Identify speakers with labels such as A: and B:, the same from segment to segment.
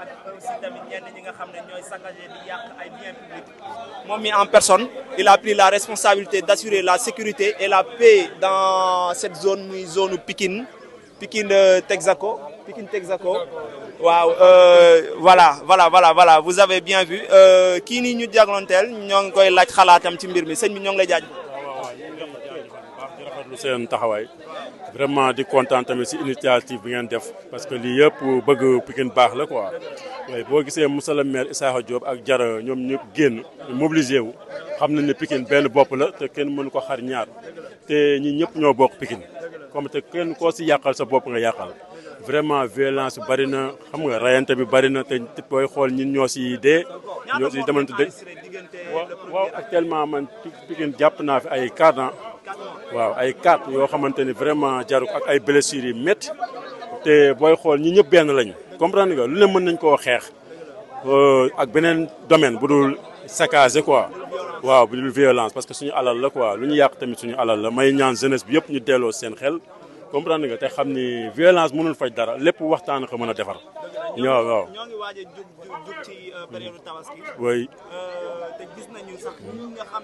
A: ak aussi tamit ñenn ñi nga xam ne ñooy saccagé di yàq ay biens publics. moom mi en personne il a pris la responsabilité d'assurer la sécurité et la paix dans cette zone muy zone Pikine Pikine euh, Texaco Pikine Texaco waaw euh, voilà voilà voilà voilà vous avez bien vu euh, kii nii ñu jagloonteel ñoo ngi koy laaj xalaatam ci mbir mi sëñ bi ñoo ngi lay jaajëfal. waaw waaw ñu
B: ngi rafetlu seen taxawaay. vraiment di kontaan tamit si initiative bi ngeen def parce que lii yëpp bëgg Pikine baax la ko waaye boo gisee Moussa le maire Issakha Diop ak Jara ñoom ñëpp génn mobilisé wu xam nañ ne Pikine benn bopp la te kenn mënu ko xar ñaar te ñii ñëpp ñoo bokk pikin comme te kenn koo si yàqal sa bopp nga yàqal vraiment violence bi bëri na xam nga rayante bi bëri na te booy xool ñun ñoo si dee ñoo si demante dëj waaw actuellement man Pikine jàpp naa fi ay cardan waaw ay quatre yoo xamante ni vraiment jaru ak ay blessures yi métti te booy xool ñi ñëpp benn lañ comprendre nga lu ne mën nañ koo xeex euh, ak beneen domaine bu dul saccager quoi waaw bu dul violence parce que suñu alal la quoi lu ñu yàq tamit suñu alal la may ñaan jeunesse bi yëpp ñu delloo seen xel comprendre nga te xam ni violence mënul faj dara lépp waxtaan a ko mën a defar ñoo waaw
A: ñoo ngi waaj euh, euh, te gis nañu sax ñi nga xam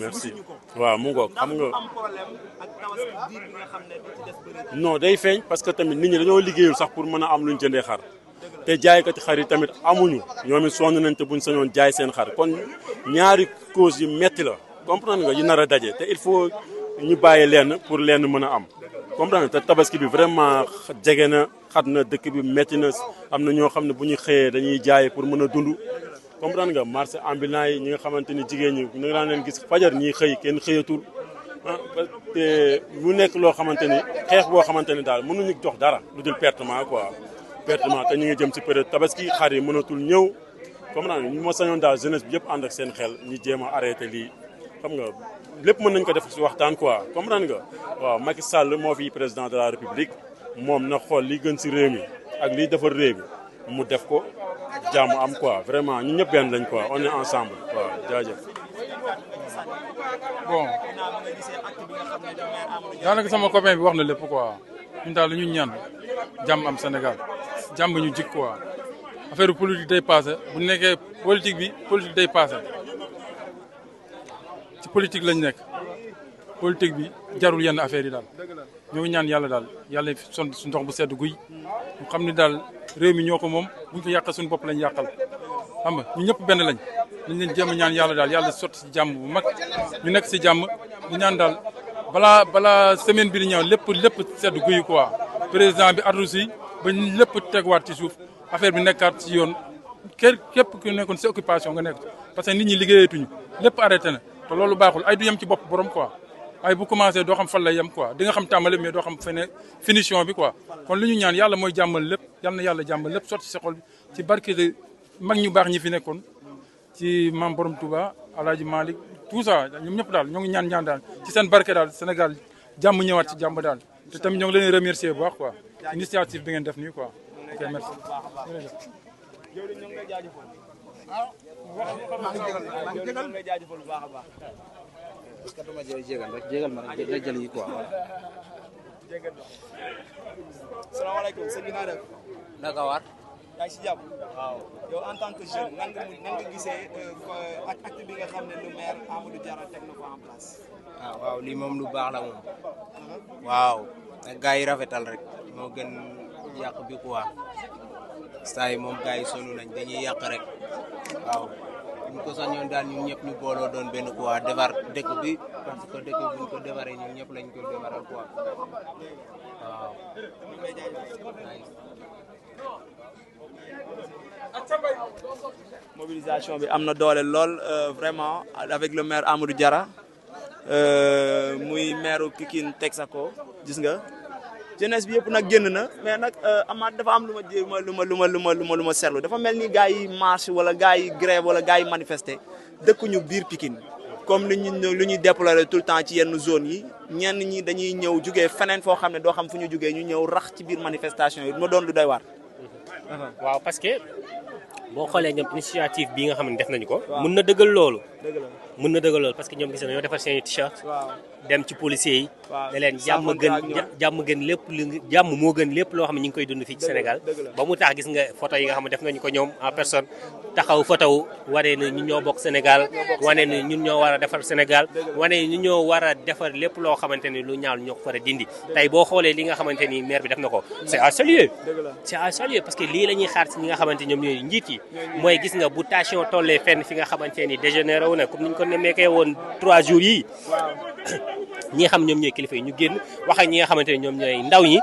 A: merci waaw mu ngoog xam am nga xam day
B: feeñ parce que tamit nit ñi dañoo liggéeyul sax pour mën a am luñ jëndee xar. te jaaykati xar yi tamit amuñu. ñoom it sonn nañ te buñ sañoon jaay seen xar kon ñaari cause yu metti la comprendre nga yu nar a daje te il faut ñu bàyyi lenn pour lenn mën a am. comprendre te tabaski bi vraiment jege na xat na dëkk bi métti na am na ñoo xam ne bu ñu xëyee dañuy jaay pour mën a dund comprendre nga marché ambulant yi ñi nga xamante ni jigéen ñi na nga daan leen gis fajar ñiy xëy kenn xëyatul ah mu nekk loo xamante ni xeex boo xamante ni daal mënuñu jox dara lu dul pertement quoi pertement te ñu ngi jëm ci période tabaski xar yi mënatul ñëw comprendre nga ñu ma sañoon daal jeunesse bi yëpp ànd ak seen xel ñu jéem a arrêté lii xam nga lépp mën nañ ko def ci waxtaan quoi comprendre nga waaw Macky Sall moo fi président de la république moom na xool li gën si réew mi ak liy defar réew mu def ko jàmm am quoi vraiment ñu ñëpp benn lañ quoi on est ensemble waaw jaajëf.
C: bon daanaka sama copain bi wax na lépp quoi ñun daal ñu ñaan jàmm am Sénégal jàmm ñu jik quoi affaire politique day passé bu nekkee politique bi politique day passé. politique lañ nekk politique bi jarul yenn affaire yi daal ñoo ngi ñaan yàlla daal yàlla son su ndox bu sedd guy ñu xam ne daal réew mi ñoo ko moom buñ ko yàqal suñu bopp lañ yàqal xam nga ñu ñëpp benn lañ nañ leen jéem ñaan yàlla daal yàlla sot si jàmm bu mag ñu nekk si jàmm ñu ñaan daal balaa balaa semaine bi di ñëw lépp lépp sedd guy quoi président bi addu si ba lépp tegwaat ci suuf affaire bi nekkaat si yoon képp ku nekkoon si occupation nga nekk parce que nit ñi liggéeyatuñu lépp arrêté na te loolu baaxul ay du yem ci bopp borom quoi ay bu commencé doo xam fan lay yem quoi dinga xam tàmbali mais doo xam fene finition bi quoi kon li ñu ñaan yàlla mooy jàmmal lépp yal na yàlla jàmmal lép sotti sa xol bi ci barke de mag ñu baax ñi fi nekkoon ci maam borom Touba Alaaji Malick tout ça ñoom ñëpp daal ñoo ngi ñaan ñaan daal ci seen barke daal Sénégal jàmm ñëwaat ci jàmm daal te tamit ñoo ngi leen remercier bu baax quoi initiative bi ngeen def nii quoi ok merci
A: jaajëfal bu baax a baax parce que dama jégal rek jégal ma rek la jël yi quoi jégal salaamaaleykum sëñ bi naa def naka waat yaa ngi si jàpp waaw yow en tant que jeune nan nga nan nga gisee euh, ak acte bi nga xam ne le maire Amadou Diarra teg na ko en place. waaw ah, waaw lii moom lu baax la moom. waaw. ak gars yi rafetal rek. moo gën yàq bi quoi. saa yi moom gaa yi sonn nañ dañuy yàq rek waaw buñ ko sañoon daal ñun ñëpp ñu booloo doon benn quoi defar dëkk bi parce que dëkk buñ ko defaree ñun ñëpp lañ ko defaral quoi waaw. mobilisation bi am na doole lool euh, vraiment avec le maire Amadou Diarra euh, muy maire Pikine ko gis nga. jeunesse bi yëpp nag génn na mais nag euh, amaat dafa am lu ma jéem lu ma lu ma lu ma lu ma lu ma seetlu dafa mel ni gars yi marche wala gars yi grève wala gars yi manifester dëkkuñu biir Pikine comme ni ñu lu ñuy déplorer tout le temps ci yenn zone yi ñenn ñi dañuy ñëw jugee feneen foo xam ne doo xam fu ñu jógee ñu ñëw
D: rax ci biir manifestation yi ma doon lu doy waar. waaw parce boo xoolee ñoom initiative bi nga xam ne def nañu ko. mën na dëggal loolu. mën na dëggal loolu parce que ñoom gis nañoo defar seen i t-shirt. dem ci policiers jàmm gën lépp lu jàmm moo gën lépp loo xam ne ñu ngi koy dund fii ci Sénégal. ba mu tax gis nga photo yi nga xam ne def nañu ko taxaw photo wu wane ñoo bokk Sénégal wane ne ñun ñoo war a defar Sénégal wane ne ñun ñoo war a defar lépp loo xamante ni lu ñaaw ñoo ko dindi. tey boo xoolee li nga xamante ni maire bi def na ko c'est à saluer. c'est à saluer parce que lii la ñuy ñi nga xamante ñoom ñooy njiit yi mooy gis nga bu tension tollee fenn fi nga xamante ni dégénéré wu na comme ni ñu ko nemmeekee woon trois jours yii. ñi xam ñoom ñooy kilifa yi ñu génn wax ak ñi nga xamante ne ñoom ñooy ndaw ñi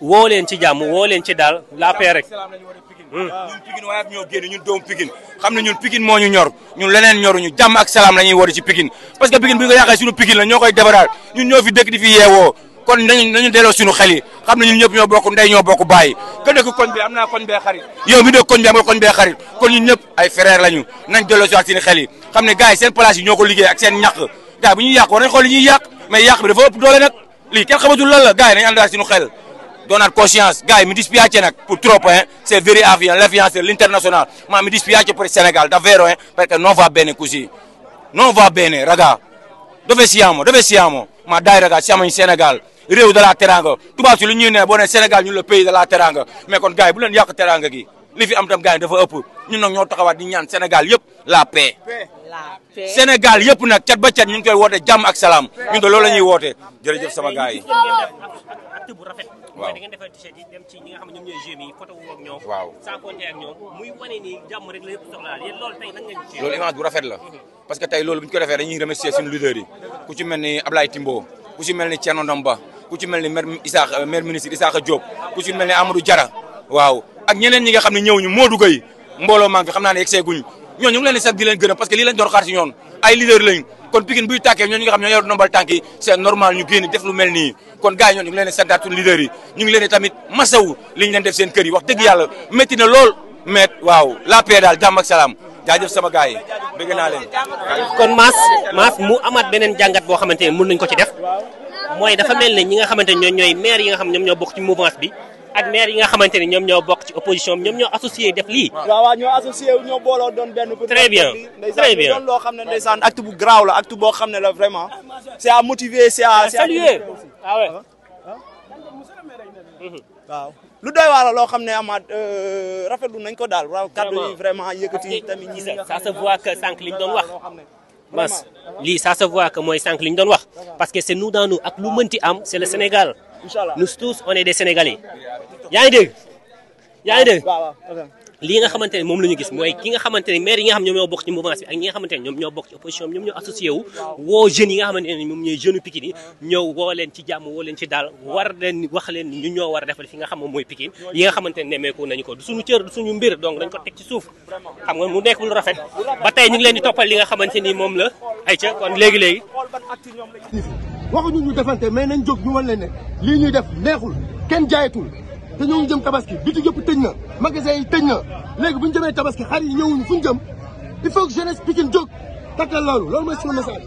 D: woo leen ci jàmm woo leen ci daal la paix rek.
E: ñun ñoo génn ñun doomu Pikine xam ne ñun Pikine moo ñu ñor ñun leneen ñoruñu jàmm ak salaam la ñuy woote ci Pikine parce que Pikine bu ñu ko yàqee suñu Pikine la ñoo koy defaraat ñun ñoo fi dëkk fi yeewoo kon nañu nañu delloo suñu xel yi xam ne ñun ñëpp ñoo bokk ndey ñoo bokk bàyyi ke dëkk koñ bi am naa koñ bee xarit yow mi dëkk koñ bi am nga koñ bee xarit kon ñun ñëpp ay frère lañu nañ delloo si ak seen xel yi xam ne gars yi seen place yi ñoo ko liggéey ak seen ñàq gars yi bu ñuy yàq war nañ xool li ñuy yàq mais yàq bi dafa ëpp doole nag lii kenn xamatul lan la gars yi nañu àndaat suñu xel doonaat conscience gars yi mi dispiace nag pour trop hein c'est very affiant réew de la teranga tubaab lu ñuy nee boo ne Sénégal ñun le pays de la teranga mais kon gaay yi bu leen yàq teranga gi li fi am tam gars yi dafa ëpp ñun nag ñoo taxawaat di ñaan Sénégal yëpp la paix. la paix yëpp nag cat ba cat ñu ngi koy woote jàmm ak salaam ñun de loolu la ñuy woote jërëjëf sama gars yi. waaw da
D: ngeen defal t-shirt yi dem ci waaw sans compter
E: ak bu rafet la mhm. parce que tey lool bu ñu ko defee dañuy remercier suñu leaders yi ku ci mel ni Ablaye Timbo ku ci mel ni Thierno ba ku ci mel ni maire Issa euh, maire ministre Issakha Diop ku ci mel ni Amadou jara waaw ak ñeneen ñi nga xam ne ñëw ñu moo mbooloo maa ngi fi xam naa ne yegg seeguñ ñooñu ngi leen di sax leen gërëm parce que lii lañ doon xaar ñoon ay leaders lañ kon Pikine buy tàkkee ñoo nga xam ñoo nombal tànk yi normal ñu génn def lu mel nii kon gars yi ñoo leen di santaat suñu leader ñu ngi leen tamit masawu li ñu leen def seen kër yi wax dëgg yàlla métti na lool met waaw la paix daal jàmm ak salaam jaajëf sama gars yi bëgg naa leen
D: kon Mass Mass
E: mu amaat beneen
D: jàngat boo xamante ne mën nañ ko ci def mooy dafa mel ne ñi nga xamante ne ñoom yi nga xam ñoom ñoo bokk ci mouvance bi ak maire yi nga xamante ni ñoom ñoo bokk ci opposition ñoom ñoo associé def lii. waaw waaw ñoo associé ñoo booloo doon benn. très bien très bien doon loo xam ne ndeysaan acte bu garaaw la acte boo xam ne la vraiment
A: c'est à lu doy waar loo xam ne amaat euh, rafetlu nañ ko daal. waaw kàddu yi vraiment
D: yëkkati tamit ñi nga ça que sànq liñ doon wax. mas lii ça se voit que mooy sànq liñ doon wax. parce que c'est nous dans nous ak lu mënti am c'est le Sénégal. nous tous on est des Sénégalais yaa ngi dégg yaa ngi dégg lii nga xamante ne moom la ñu gis mooy ki nga xamante ne maire yi nga xam ñoom ñoo bokk ci mouvance nga xamante ne ñoom ñoo bokk ci opposition ñoom ñoo associé wu woo moom leen ci jàmm woo leen ci ñoo war a defal nga xam moom mooy Pikine yi nga ne nemmeeku nañu ko du suñu cër du suñu mbir donc dañ ko teg ci suuf xam nga mu nekk xamante ni moom la ay ca kon léegi-léegi
F: waxuñu ñu defante mais nañ jóg ñu wan leen ne li ñuy def neexul kenn jaayatul te ñoo ngi jëm tabaski bitig yëpp tëj na magasin yi tëj na léegi bu ñu jëmee tabaski xar yi ñëwuñu fu ñu jëm il faut que jeunesse Pikine jóg takkal loolu loolu mooy suñu message.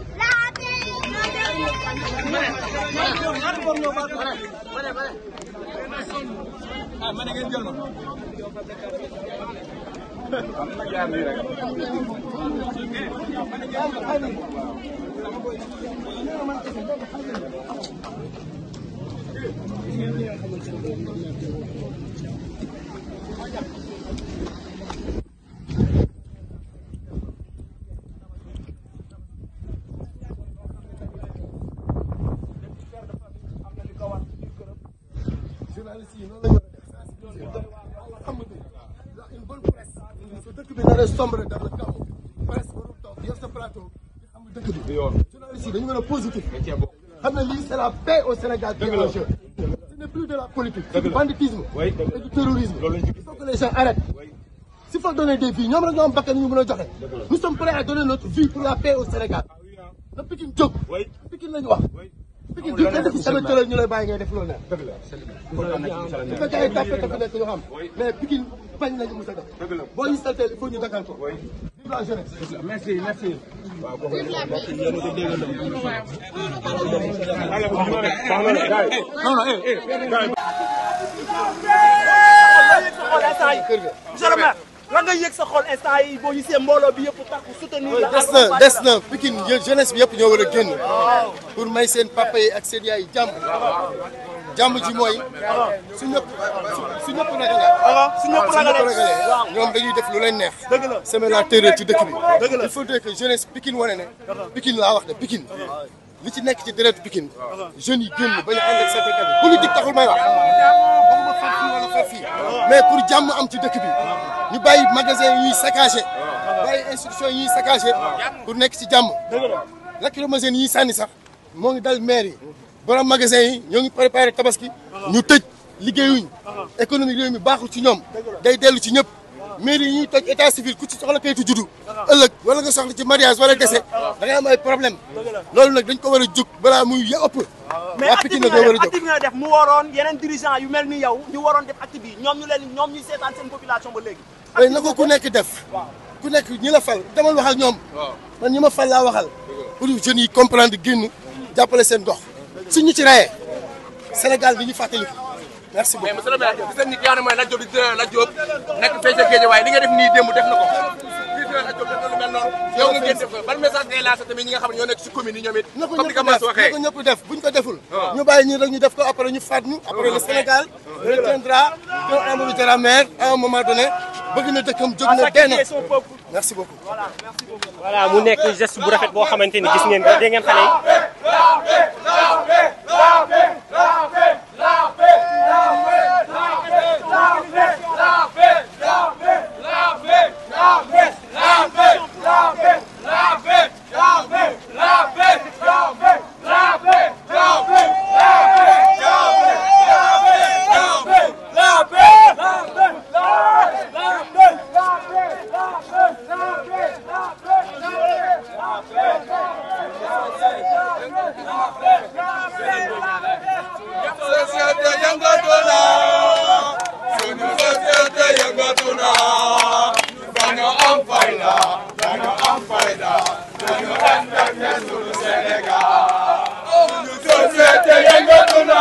F: sombre dara kaw presse warul toog yor sa plateau xam nga dëkk bi journaliste yi dañu mën a positif xam ne lii c'est la paix au Sénégal qui est en jeu de la politique. c'est banditisme. oui du terrorisme. il faut que les gens arrêtent. s'il faut donner ñoom rek ñoo ñu mën a joxe. nous sommes prêts à donner notre pour la paix au Sénégal. Ah na Pikine jóg. Pikine lañu wax. Pikine du nga def sama tëral ñu la. dëgg la def. dëgg la boo ñu saltee il faut ñu dakkal
E: ko. monsieur
A: le maire lan nga yëg sa xol instant yi boo gisee mbooloo bi yëpp tax soutenir la des na des na
F: Pikine jeunesse bi yëpp ñoo war a génn pour may seen papa yi ak seen yaay yi jàmm jàmm ji mooy su ñëpp su ñëpp ragalee. su ñëpp ñoom dañuy def lu leen neex. dëgg la semer la ci dëkk bi. il faut que jeunesse Pikine wane ne. Pikine laa wax de Pikine. li ci nekk ci deret Pikine. jeunes yi génn bañ a ànd ak syndicat bi politique taxul mais pour jàmm am ci dëkk bi ñu bàyyi magasin yi ñuy saccagé. bàyyi yi ñuy saccagé. nekk ci jàmm. dëgg la lacrymogène yi ñuy sànni moo ngi dal maire borom magasin yi ñoo ngi préparé tabaski ñu tëj liggéeyuñ économie réew mi baaxul ci ñoom day dellu ci ñëpp mairie yi ñuy toj état civil ku ci soxla kayitu juddu ëllëg wala nga soxla ci mariage war décès da nga am ay problème loolu nag dañ
A: ko war a jug balaa muy ya ëpp waa war a jóg mais acte bi nga def mu waroon yeneen dirigeant yu mel ni yow ñu waroon def acte bi ñoom ñu leen ñoom ñuy seetaan seen population ba léegi way eh, na ko ku nekk def
F: ku nekk ñi la fal dama wax ak ñoom man ñi ma fal laa waxal pour jeunes yi comprendre génn jàppale seen gox suñ ñu ci reyee Sénégal bi ñu fàttaliku merci beaucoup. mais monsieur le maire gis nañ ni jaanu mooy rajo bi rajo nekk fee ca géej waaye li nga def nii démb def na ko. yow nga gën def ban message ngay lancé tamit ñi nga xam ne ñoo nekk si commune yi ñoom it. comme ni ko Mass waxee na ko ñëpp def bu ñu ko deful. Ah. ñu bàyyi ñun rek ñu def ko après ñu faat ñu. après le Sénégal retiendra que Amadou Diarra maire à un moment donné bëgg na dëkkam jóg na benn.
D: merci beaucoup. voilà mu nekk geste bu rafet boo xamante ni gis ngeen ko dégg ngeen xale yi
E: La paix, la paix, la paix, la paix, la paix, la paix. yëngatuna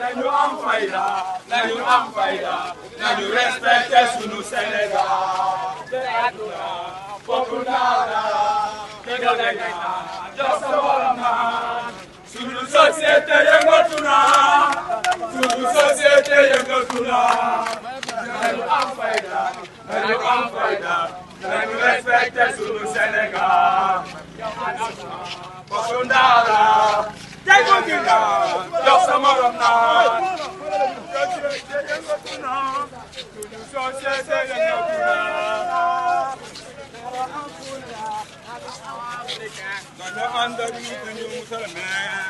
E: nañu am fayda nañu am fayda nañu respecté sunu Sénégal te àdduna bokk naa la dëggal nañ la jox sa borom naa sunu société yëngatu naa sunu société yëngatu naa nañu
B: am fayda
E: nañu am fayda nañu respecté sunu Sénégal bokk naa la dëggal nañ la morom naa société yëngatu naa suñu société yëngatu naa
C: gana ànd ak ñu suñu musal mais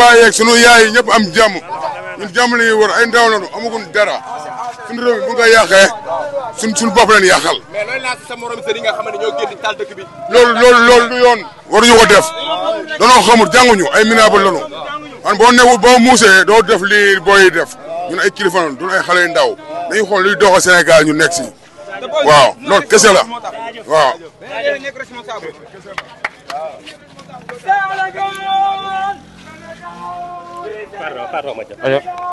B: baay yeeg sunu yaay yi ñëpp am jàmm ñun jàmm la ñuy ay ndaw lañu amaguñ dara suñu réew mi bu nga yàqee suñ suñ bopp leen yàqal.
E: mais sa dëkk
B: bi. loolu loolu loolu du yoon. waruñu ko def danoo xamul jànguñu ay minaabal lañu man boo newul boo doo def lii booy def ñun ay kilifa lañu ay xale ndaw dañuy xool luy doxal Sénégal ñu nekk si waaw loolu kese waaw.
E: Pardon, pardon, Mathieu.